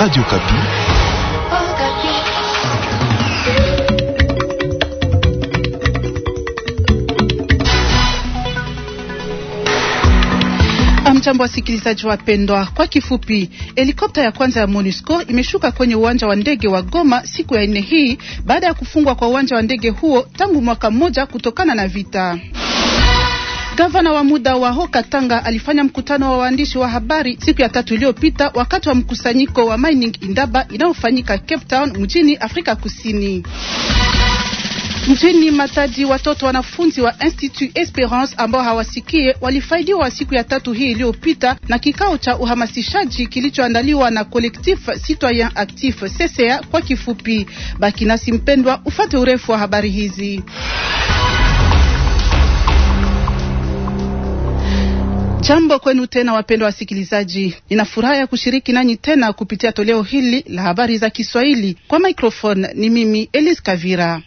Radio Kapi. Amjambo wasikilizaji wapendwa, kwa kifupi, helikopta ya kwanza ya MONUSCO imeshuka kwenye uwanja wa ndege wa Goma siku ya nne hii baada ya kufungwa kwa uwanja wa ndege huo tangu mwaka mmoja kutokana na vita. Gavana wa muda wa Hoka Tanga alifanya mkutano wa waandishi wa habari siku ya tatu iliyopita wakati wa mkusanyiko wa Mining Indaba inayofanyika Cape Town mjini Afrika Kusini. Mjini Matadi watoto wanafunzi wa Institut Esperance ambao hawasikie walifaidiwa siku ya tatu hii iliyopita na kikao cha uhamasishaji kilichoandaliwa na Collectif Citoyen Actif CCA kwa kifupi. Baki nasi mpendwa, ufate urefu wa habari hizi. Jambo kwenu tena wapendwa wasikilizaji, nina furaha ya kushiriki nanyi tena kupitia toleo hili la habari za Kiswahili. Kwa microphone ni mimi Elise Kavira.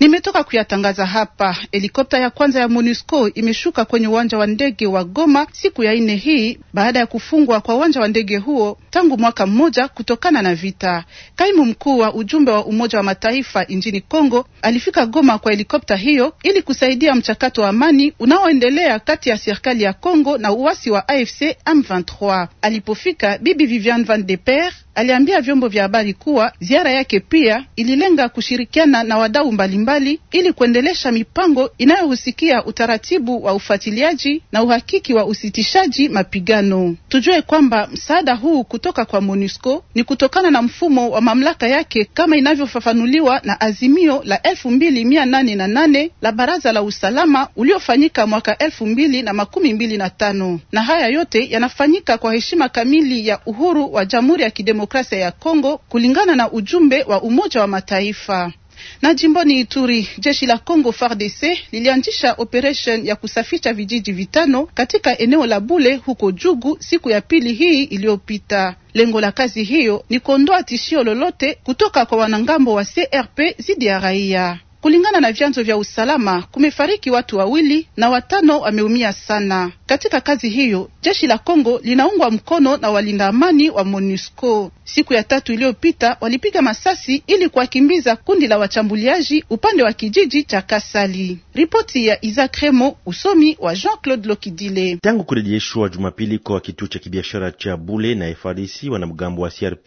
Nimetoka kuyatangaza hapa, helikopta ya kwanza ya MONUSCO imeshuka kwenye uwanja wa ndege wa Goma siku ya nne hii baada ya kufungwa kwa uwanja wa ndege huo tangu mwaka mmoja kutokana na vita. Kaimu mkuu wa ujumbe wa Umoja wa Mataifa nchini Kongo alifika Goma kwa helikopta hiyo ili kusaidia mchakato wa amani unaoendelea kati ya serikali ya Kongo na uasi wa AFC M23. Alipofika, Bibi Vivian van de Per aliambia vyombo vya habari kuwa ziara yake pia ililenga kushirikiana na wadau mbalimbali ili kuendelesha mipango inayohusikia utaratibu wa ufuatiliaji na uhakiki wa usitishaji mapigano. Tujue kwamba msaada huu kutoka kwa MONUSCO ni kutokana na mfumo wa mamlaka yake kama inavyofafanuliwa na azimio la elfu mbili mia nane na nane la Baraza la Usalama uliofanyika mwaka elfu mbili na makumi mbili na tano. Na haya yote yanafanyika kwa heshima kamili ya uhuru wa Jamhuri ya Kidemokrasia ya Kongo kulingana na ujumbe wa Umoja wa Mataifa. Na jimboni Ituri, jeshi la Congo FARDC lilianzisha operation ya kusafisha vijiji vitano katika eneo la Bule huko Jugu siku ya pili hii iliyopita. Lengo la kazi hiyo ni kuondoa tishio lolote kutoka kwa wanangambo wa CRP dhidi ya raia. Kulingana na vyanzo vya usalama, kumefariki watu wawili na watano wameumia sana katika kazi hiyo. Jeshi la congo linaungwa mkono na walinda amani wa MONUSCO. Siku ya tatu iliyopita walipiga masasi ili kuwakimbiza kundi la wachambuliaji upande wa kijiji cha Kasali. Ripoti ya Isaac Remo, usomi wa Jean-Claude Lokidile. Tangu kurejeshwa Jumapili kwa kituo cha kibiashara cha Bule na FRDC, wanamgambo wa CRP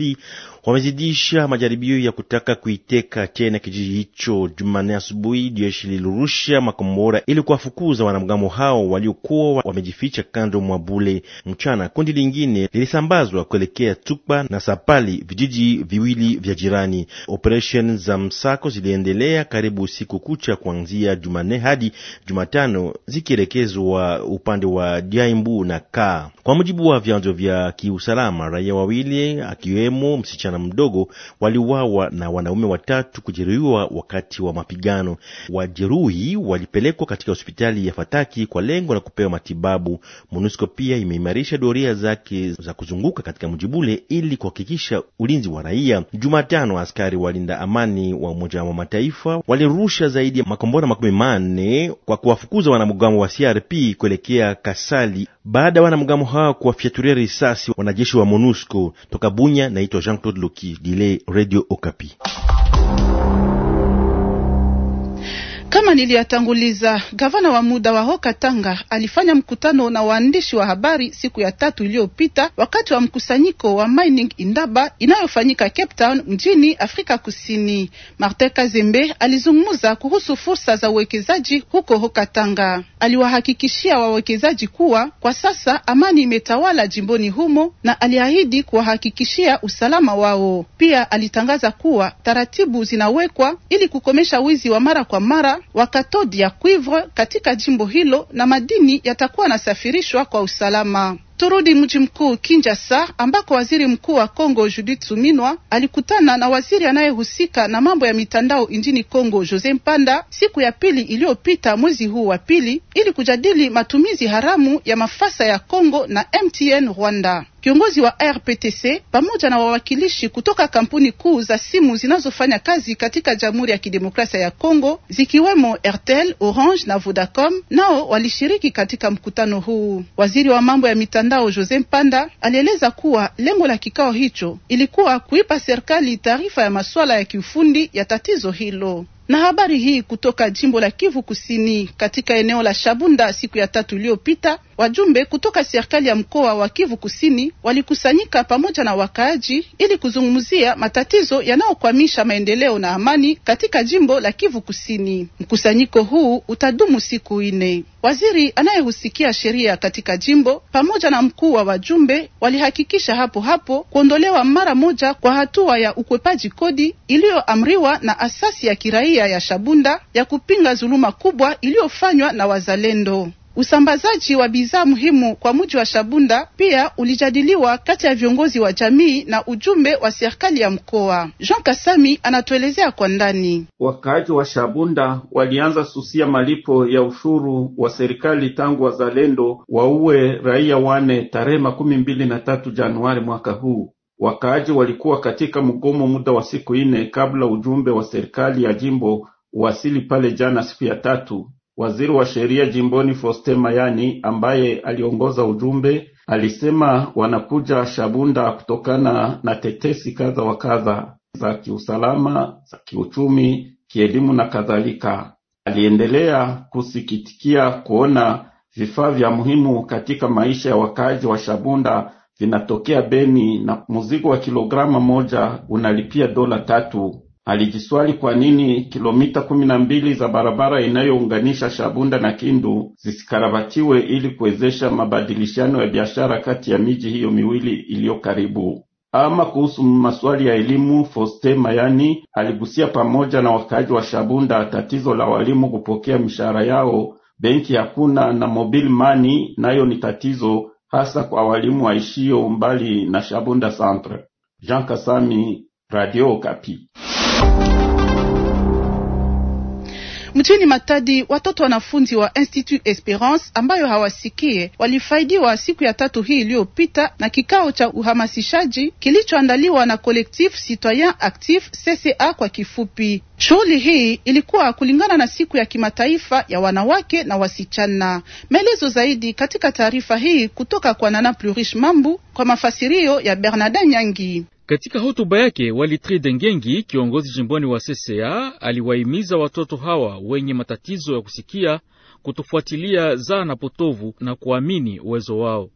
wamezidisha majaribio ya kutaka kuiteka tena kijiji hicho. Jumanne asubuhi jeshi lilirusha makombora ili kuwafukuza wanamgambo hao waliokuwa wamejificha kando mwa Bule. Mchana kundi lingine lilisambazwa kuelekea Tukpa na Sapa pali vijiji viwili vya jirani. Operesheni za msako ziliendelea karibu siku kucha kuanzia Jumanne hadi Jumatano, zikielekezwa upande wa Jaimbu na Ka. Kwa mujibu wa vyanzo vya kiusalama, raia wawili akiwemo msichana mdogo waliuawa na wanaume watatu kujeruhiwa wakati wa mapigano. Wajeruhi walipelekwa katika hospitali ya Fataki kwa lengo la kupewa matibabu. MONUSCO pia imeimarisha doria zake za kuzunguka katika mji ule ili kuhakikisha kuimarisha ulinzi wa raia. Jumatano, askari walinda amani wa Umoja wa Mataifa walirusha zaidi ya makombora makumi manne kwa kuwafukuza wanamgambo wa CRP kuelekea Kasali baada ya wanamgambo hawa kuwafyaturia risasi wanajeshi wa MONUSCO. Toka Bunya, naitwa Jean Claude Loki Dile, Radio Okapi. Kama niliyatanguliza, gavana wa muda wa Hoka Tanga alifanya mkutano na waandishi wa habari siku ya tatu iliyopita wakati wa mkusanyiko wa Mining Indaba inayofanyika Cape Town mjini Afrika Kusini. Martin Kazembe alizungumza kuhusu fursa za uwekezaji huko Hoka Tanga. Aliwahakikishia wawekezaji kuwa kwa sasa amani imetawala jimboni humo na aliahidi kuwahakikishia usalama wao. Pia alitangaza kuwa taratibu zinawekwa ili kukomesha wizi wa mara kwa mara wa ya cuivre katika jimbo hilo na madini yatakuwa yanasafirishwa kwa usalama. Turudi mji mkuu Kinshasa ambako waziri mkuu wa Kongo Judith Suminwa alikutana na waziri anayehusika na mambo ya mitandao nchini Kongo Jose Mpanda siku ya pili iliyopita mwezi huu wa pili ili kujadili matumizi haramu ya mafasa ya Kongo na MTN Rwanda. Kiongozi wa RPTC pamoja na wawakilishi kutoka kampuni kuu za simu zinazofanya kazi katika Jamhuri ya Kidemokrasia ya Kongo zikiwemo Airtel, Orange na Vodacom nao walishiriki katika mkutano huu. Waziri wa mambo ya mitandao Jose Mpanda alieleza kuwa lengo la kikao hicho ilikuwa kuipa serikali taarifa ya masuala ya kiufundi ya tatizo hilo. Na habari hii kutoka jimbo la Kivu Kusini katika eneo la Shabunda siku ya tatu iliyopita Wajumbe kutoka serikali ya mkoa wa Kivu Kusini walikusanyika pamoja na wakaaji ili kuzungumzia matatizo yanayokwamisha maendeleo na amani katika jimbo la Kivu Kusini. Mkusanyiko huu utadumu siku nne. Waziri anayehusikia sheria katika jimbo pamoja na mkuu wa wajumbe walihakikisha hapo hapo kuondolewa mara moja kwa hatua ya ukwepaji kodi iliyoamriwa na asasi ya kiraia ya Shabunda ya kupinga dhuluma kubwa iliyofanywa na wazalendo. Usambazaji wa bidhaa muhimu kwa mji wa Shabunda pia ulijadiliwa kati ya viongozi wa jamii na ujumbe wa serikali ya mkoa. Jean Kasami anatuelezea kwa ndani. Wakaaji wa Shabunda walianza susia malipo ya ushuru wa serikali tangu wazalendo waue raia wane tarehe makumi mbili na tatu Januari mwaka huu. Wakaaji walikuwa katika mgomo muda wa siku ine kabla ujumbe wa serikali ya jimbo wasili pale jana siku ya tatu. Waziri wa sheria jimboni Foste Mayani ambaye aliongoza ujumbe alisema wanakuja Shabunda kutokana na tetesi kadha wa kadha za kiusalama, za kiuchumi, kielimu na kadhalika. Aliendelea kusikitikia kuona vifaa vya muhimu katika maisha ya wakazi wa Shabunda vinatokea Beni na mzigo wa kilograma moja unalipia dola tatu alijiswali kwa nini kilomita kumi na mbili za barabara inayounganisha Shabunda na Kindu zisikarabatiwe ili kuwezesha mabadilishano ya biashara kati ya miji hiyo miwili iliyo karibu. Ama kuhusu maswali ya elimu, Foste Mayani aligusia pamoja na wakaaji wa Shabunda tatizo la walimu kupokea mishahara yao, benki hakuna na mobile money nayo ni tatizo hasa kwa walimu waishio mbali na Shabunda Centre. Jean Kasami Radio Okapi. Mjini Matadi watoto wanafunzi wa Institut Esperance ambayo hawasikie walifaidiwa siku ya tatu hii iliyopita na kikao cha uhamasishaji kilichoandaliwa na Collectif Citoyen Actif CCA kwa kifupi. Shughuli hii ilikuwa kulingana na siku ya kimataifa ya wanawake na wasichana. Maelezo zaidi katika taarifa hii kutoka kwa Nana Plurish Mambu kwa mafasirio ya Bernardin Nyangi. Katika hotuba yake walitri dengengi kiongozi jimboni wa CCA, aliwahimiza watoto hawa wenye matatizo ya kusikia kutofuatilia zaa na potovu na kuamini uwezo wao.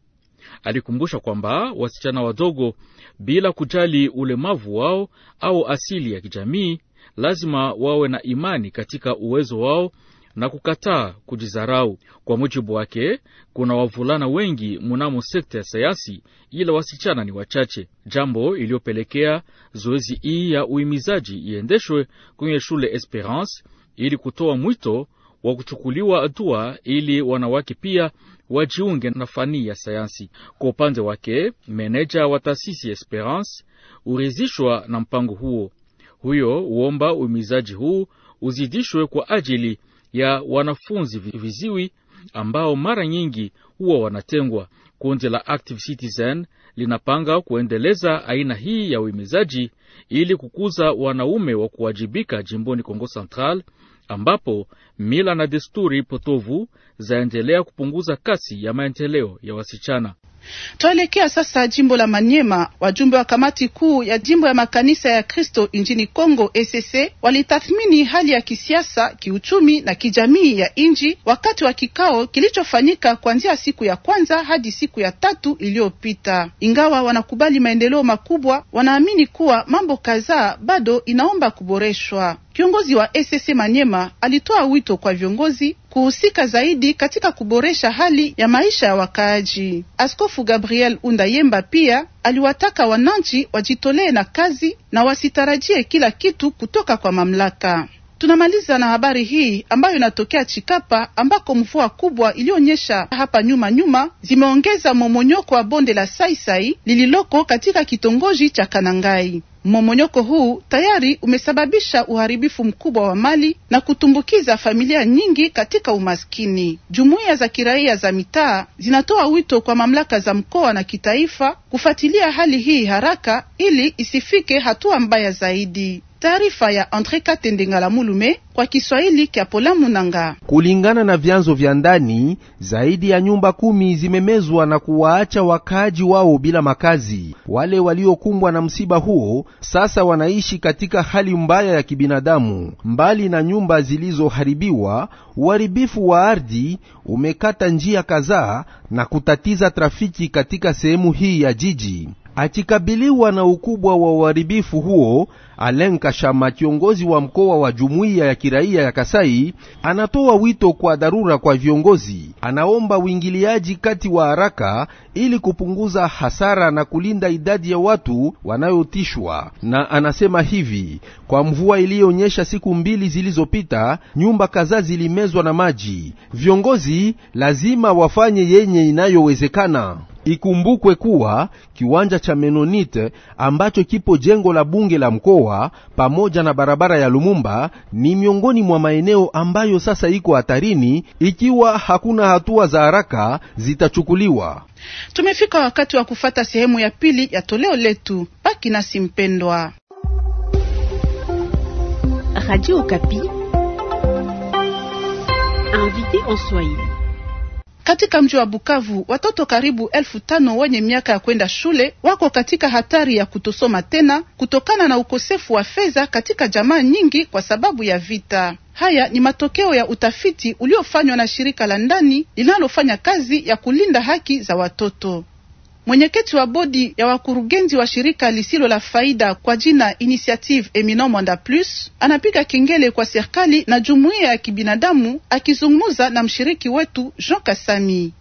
Alikumbusha kwamba wasichana wadogo, bila kujali ulemavu wao au asili ya kijamii, lazima wawe na imani katika uwezo wao na kukataa kujizarau. Kwa mujibu wake, kuna wavulana wengi mnamo sekta ya sayansi, ila wasichana ni wachache, jambo iliyopelekea zoezi hii ya uhimizaji iendeshwe kwenye shule Esperance ili kutoa mwito wa kuchukuliwa hatua ili wanawake pia wajiunge na fani ya sayansi. Kwa upande wake, meneja wa taasisi Esperance urizishwa na mpango huo. Huyo huomba uhimizaji huu uzidishwe kwa ajili ya wanafunzi viziwi ambao mara nyingi huwa wanatengwa. Kundi la Active Citizen linapanga kuendeleza aina hii ya uhimizaji ili kukuza wanaume wa kuwajibika jimboni Kongo Central ambapo mila na desturi potovu zaendelea kupunguza kasi ya maendeleo ya wasichana. Twaelekea sasa jimbo la Manyema. Wajumbe wa kamati kuu ya jimbo ya makanisa ya Kristo nchini Kongo ECC walitathmini hali ya kisiasa, kiuchumi na kijamii ya nchi wakati wa kikao kilichofanyika kuanzia siku ya kwanza hadi siku ya tatu iliyopita. Ingawa wanakubali maendeleo makubwa, wanaamini kuwa mambo kadhaa bado inaomba kuboreshwa. Kiongozi wa ECC Manyema alitoa wito kwa viongozi kuhusika zaidi katika kuboresha hali ya maisha ya wakaaji. Askofu Gabriel Undayemba pia aliwataka wananchi wajitolee na kazi na wasitarajie kila kitu kutoka kwa mamlaka. Tunamaliza na habari hii ambayo inatokea Chikapa ambako mvua kubwa iliyonyesha hapa nyuma nyuma zimeongeza momonyoko wa bonde la Saisai lililoko katika kitongoji cha Kanangai. Mmomonyoko huu tayari umesababisha uharibifu mkubwa wa mali na kutumbukiza familia nyingi katika umaskini. Jumuiya za kiraia za mitaa zinatoa wito kwa mamlaka za mkoa na kitaifa kufuatilia hali hii haraka ili isifike hatua mbaya zaidi. Taarifa ya Andre Katende Ngala Mulume kwa Kiswahili kya Pola Munanga. Kulingana na vyanzo vya ndani, zaidi ya nyumba kumi zimemezwa na kuwaacha wakaaji wao bila makazi. Wale waliokumbwa na msiba huo sasa wanaishi katika hali mbaya ya kibinadamu. Mbali na nyumba zilizoharibiwa, uharibifu wa ardhi umekata njia kadhaa na kutatiza trafiki katika sehemu hii ya jiji. Akikabiliwa na ukubwa wa uharibifu huo, Alen Kashama, kiongozi wa mkoa wa jumuiya ya kiraia ya Kasai, anatoa wito kwa dharura kwa viongozi. Anaomba uingiliaji kati wa haraka ili kupunguza hasara na kulinda idadi ya watu wanayotishwa, na anasema hivi: kwa mvua iliyonyesha siku mbili zilizopita, nyumba kadhaa zilimezwa na maji. Viongozi lazima wafanye yenye inayowezekana. Ikumbukwe kuwa kiwanja cha Menonite ambacho kipo jengo la bunge la mkoa Kawawa pamoja na barabara ya Lumumba ni miongoni mwa maeneo ambayo sasa iko hatarini ikiwa hakuna hatua za haraka zitachukuliwa. Tumefika wakati wa kufata sehemu ya pili ya toleo letu. Baki nasi mpendwa. Radio Okapi, invité en Swahili. Katika mji wa Bukavu watoto karibu elfu tano wenye miaka ya kwenda shule wako katika hatari ya kutosoma tena kutokana na ukosefu wa fedha katika jamaa nyingi kwa sababu ya vita. Haya ni matokeo ya utafiti uliofanywa na shirika la ndani linalofanya kazi ya kulinda haki za watoto. Mwenyekiti wa bodi ya wakurugenzi wa shirika lisilo la faida kwa jina Initiative Eminent Mwanda Plus anapiga kengele kwa serikali na jumuiya ya kibinadamu, akizungumza na mshiriki wetu Jean Kasami.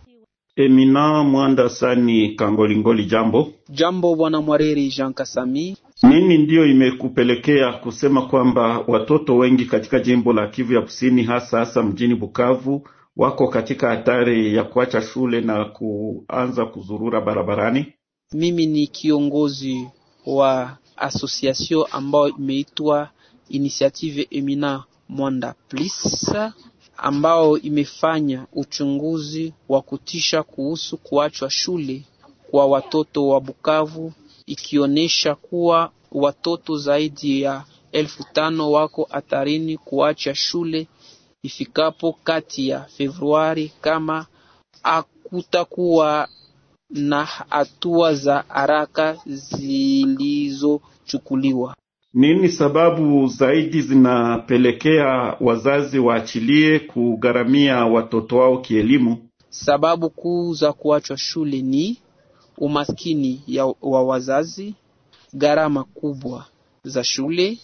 Emina Mwanda Sani Kangolingoli, jambo. Jambo bwana mwariri Jean Kasami. Nini ndiyo imekupelekea kusema kwamba watoto wengi katika jimbo la Kivu ya Kusini, hasa hasa mjini Bukavu wako katika hatari ya kuacha shule na kuanza kuzurura barabarani? Mimi ni kiongozi wa association ambayo imeitwa Initiative Emina Mwanda Please, ambao imefanya uchunguzi wa kutisha kuhusu kuachwa shule kwa watoto wa Bukavu, ikionyesha kuwa watoto zaidi ya elfu tano wako hatarini kuacha shule ifikapo kati ya Februari kama hakutakuwa na hatua za haraka zilizochukuliwa. Nini sababu zaidi zinapelekea wazazi waachilie kugharamia watoto wao kielimu? Sababu kuu za kuachwa shule ni umaskini ya wa wazazi, gharama kubwa za shule,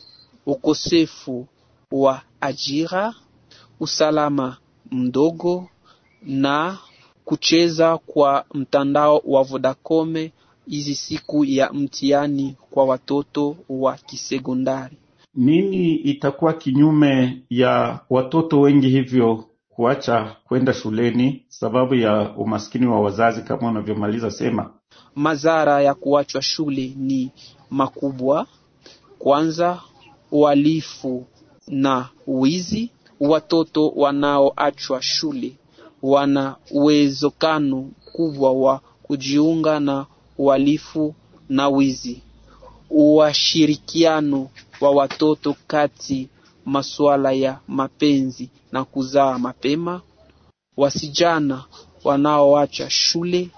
ukosefu wa ajira, usalama mdogo na kucheza kwa mtandao wa Vodacom hizi siku ya mtihani kwa watoto wa kisekondari. Nini itakuwa kinyume ya watoto wengi hivyo kuacha kwenda shuleni sababu ya umaskini wa wazazi, kama unavyomaliza sema? Madhara ya kuachwa shule ni makubwa. Kwanza, uhalifu na wizi watoto wanaoachwa shule wana uwezekano mkubwa wa kujiunga na uhalifu na wizi. Ushirikiano wa watoto kati masuala ya mapenzi na kuzaa mapema. wasijana wanaoacha shule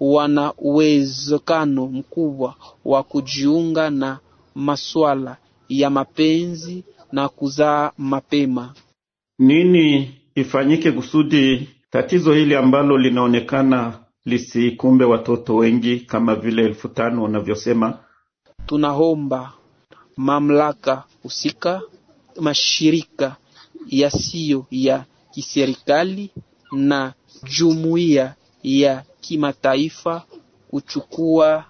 wana uwezekano mkubwa wa kujiunga na masuala ya mapenzi na kuzaa mapema. Nini ifanyike kusudi tatizo hili ambalo linaonekana lisikumbe watoto wengi kama vile elfu tano wanavyosema? Tunaomba mamlaka husika, mashirika yasiyo ya kiserikali na jumuiya ya kimataifa kuchukua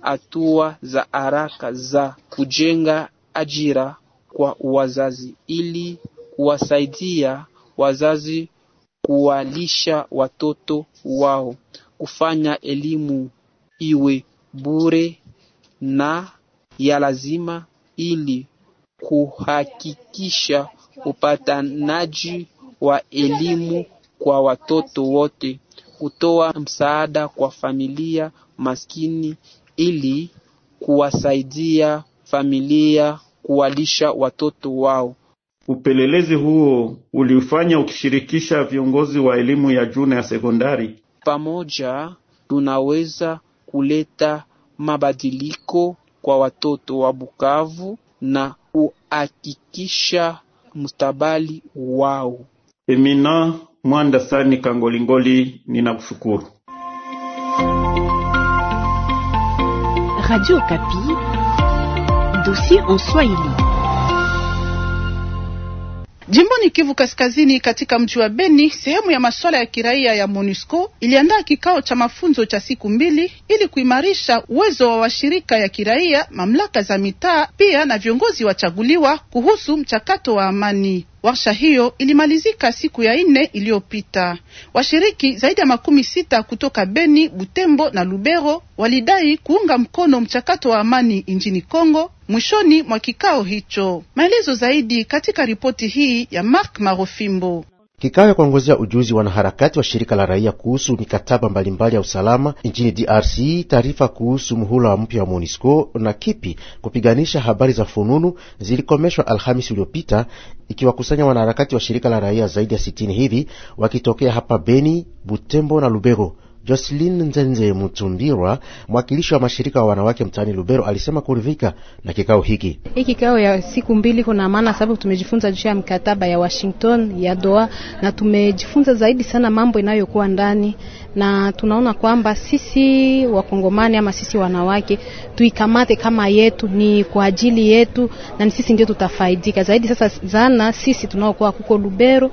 hatua za haraka za kujenga ajira kwa wazazi ili kuwasaidia wazazi kuwalisha watoto wao, kufanya elimu iwe bure na ya lazima ili kuhakikisha upatanaji wa elimu kwa watoto wote, kutoa msaada kwa familia maskini ili kuwasaidia familia kuwalisha watoto wao. Upelelezi huo uliufanya ukishirikisha viongozi wa elimu ya juu na ya sekondari. Pamoja tunaweza kuleta mabadiliko kwa watoto wa Bukavu na kuhakikisha mustabali wao. Emina Mwanda Sani Kangolingoli, ninakushukuru. Radio Kapi, dossier en Swahili. Jimboni Kivu Kaskazini, katika mji wa Beni, sehemu ya masuala ya kiraia ya MONUSCO iliandaa kikao cha mafunzo cha siku mbili ili kuimarisha uwezo wa washirika ya kiraia, mamlaka za mitaa, pia na viongozi wachaguliwa kuhusu mchakato wa amani. Warsha hiyo ilimalizika siku ya nne iliyopita. Washiriki zaidi ya makumi sita kutoka Beni, Butembo na Lubero walidai kuunga mkono mchakato wa amani nchini Kongo mwishoni mwa kikao hicho. Maelezo zaidi katika ripoti hii ya Mark Marofimbo. Kikao ya kuongozea ujuzi wanaharakati wa shirika la raia kuhusu mikataba mbalimbali ya usalama nchini DRC, taarifa kuhusu muhula wa mpya wa MONUSCO na kipi kupiganisha habari za fununu zilikomeshwa Alhamisi uliopita, ikiwakusanya wanaharakati wa shirika la raia zaidi ya sitini hivi wakitokea hapa Beni, Butembo na Lubero. Jocelyn Nzenze Mutumbirwa, mwakilishi wa mashirika wa wanawake mtaani Lubero, alisema kuridhika na kikao hiki. Hii kikao ya siku mbili kuna maana, sababu tumejifunza juu ya mkataba ya Washington ya Doha, na tumejifunza zaidi sana mambo inayokuwa ndani, na tunaona kwamba sisi Wakongomani ama sisi wanawake tuikamate kama yetu, ni kwa ajili yetu, na ni sisi ndio tutafaidika zaidi. Sasa zana sisi tunaokuwa kuko Lubero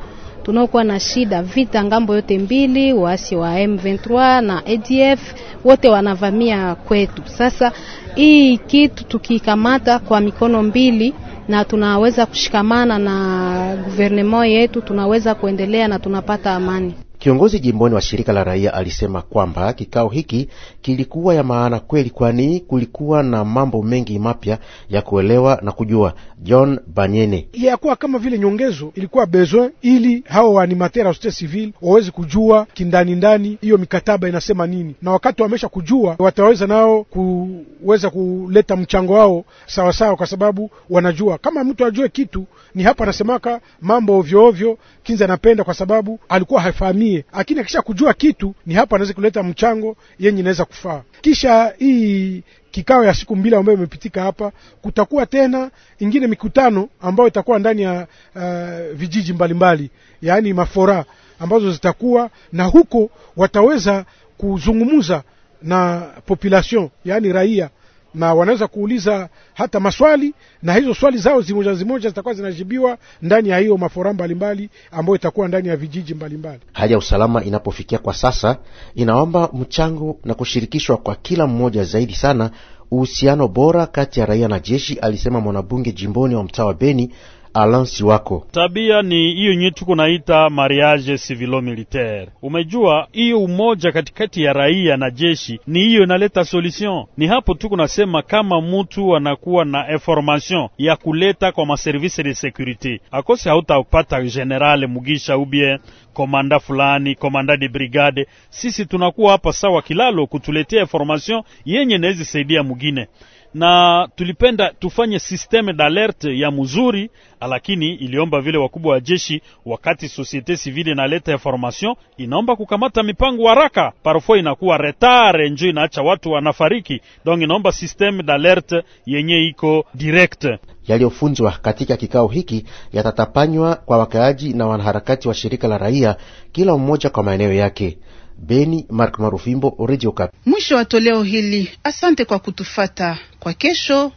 tunaokuwa na shida vita ngambo yote mbili, waasi wa M23 na ADF wote wanavamia kwetu. Sasa hii kitu tukikamata kwa mikono mbili na tunaweza kushikamana na guvernema yetu, tunaweza kuendelea na tunapata amani. Kiongozi jimboni wa shirika la raia alisema kwamba kikao hiki kilikuwa ya maana kweli, kwani kulikuwa na mambo mengi mapya ya kuelewa na kujua. John Banyene yakuwa kama vile nyongezo ilikuwa besoin ili hao waanimateur wa societe civile waweze kujua kindani ndani hiyo mikataba inasema nini, na wakati wamesha kujua wataweza nao kuweza kuleta mchango wao sawasawa, kwa sababu wanajua kama mtu ajue kitu ni hapa anasemaka mambo ovyoovyo, kinza anapenda kwa sababu alikuwa hafahamii atumie, lakini akisha kujua kitu ni hapo anaweza kuleta mchango yenye inaweza kufaa. Kisha hii kikao ya siku mbili ambayo imepitika hapa, kutakuwa tena ingine mikutano ambayo itakuwa ndani ya uh, vijiji mbalimbali, yaani mafora ambazo zitakuwa na huko wataweza kuzungumuza na population, yaani raia na wanaweza kuuliza hata maswali na hizo swali zao zimoja zimoja zitakuwa zinajibiwa ndani ya hiyo mafora mbalimbali ambayo itakuwa ndani ya vijiji mbalimbali. Hali ya usalama inapofikia kwa sasa inaomba mchango na kushirikishwa kwa kila mmoja, zaidi sana uhusiano bora kati ya raia na jeshi, alisema mwanabunge jimboni wa mtaa wa Beni Alansi wako tabia ni hiyo yenye tuko naita mariage civilo militaire. Umejua hiyo umoja katikati ya raia na jeshi ni hiyo inaleta solution. Ni hapo tuko nasema kama mutu anakuwa na information ya kuleta kwa maservise de securite akose, hautapata general Mugisha ubie komanda fulani, komanda de brigade. Sisi tunakuwa hapa sawa kilalo kutuletea information yenye naweza saidia mugine na tulipenda tufanye systeme d'alerte ya mzuri, lakini iliomba vile wakubwa wa jeshi, wakati societe civile inaleta information, inaomba kukamata mipango haraka, parfois inakuwa retard njo inaacha watu wanafariki. Donc inaomba systeme d'alerte yenye iko direct. Yaliyofunzwa katika kikao hiki yatatapanywa kwa wakaaji na wanaharakati wa shirika la raia, kila mmoja kwa maeneo yake. Beni, Mark Marufimbo, Radio Okapi. Mwisho wa toleo hili. Asante kwa kutufata kwa kesho